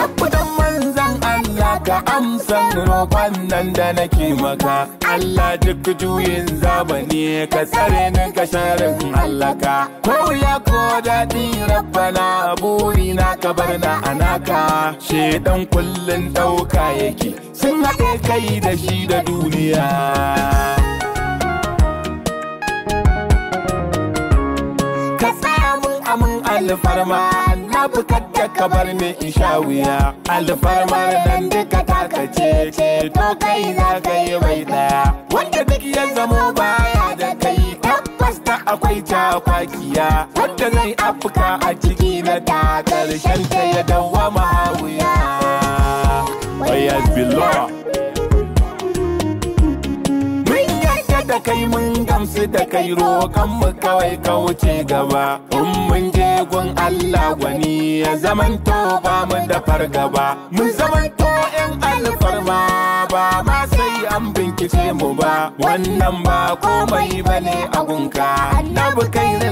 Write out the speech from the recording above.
tabbatar manzan Allah ka amsan roƙon nan da nake maka Allah duk juyin zamani ka tsare ni ka sharin ka ko ya ko daɗi rabbana buri na ka bar na anaka shedan kullun ɗauka yake sun haɗe kai da shi da duniya ka tsaya mun amin alfarma annabi kadda ka bar ni in sha wuya alfarma dan duka ka ce ce to kai za ka yi bai daya wanda duk ya zamo baya da kai tabbas da akwai cakwakiya wanda zai afka a ciki na ta karshen ta ya dawwama hawiya. da kai mun gamsu da kai roƙon mu kawai ka wuce gaba in mun je gun Allah gwani ya zamanto ba mu da fargaba mun zamanto yan alfarma ba ma sai an bincike mu ba wannan ba komai bane abunka annabi kai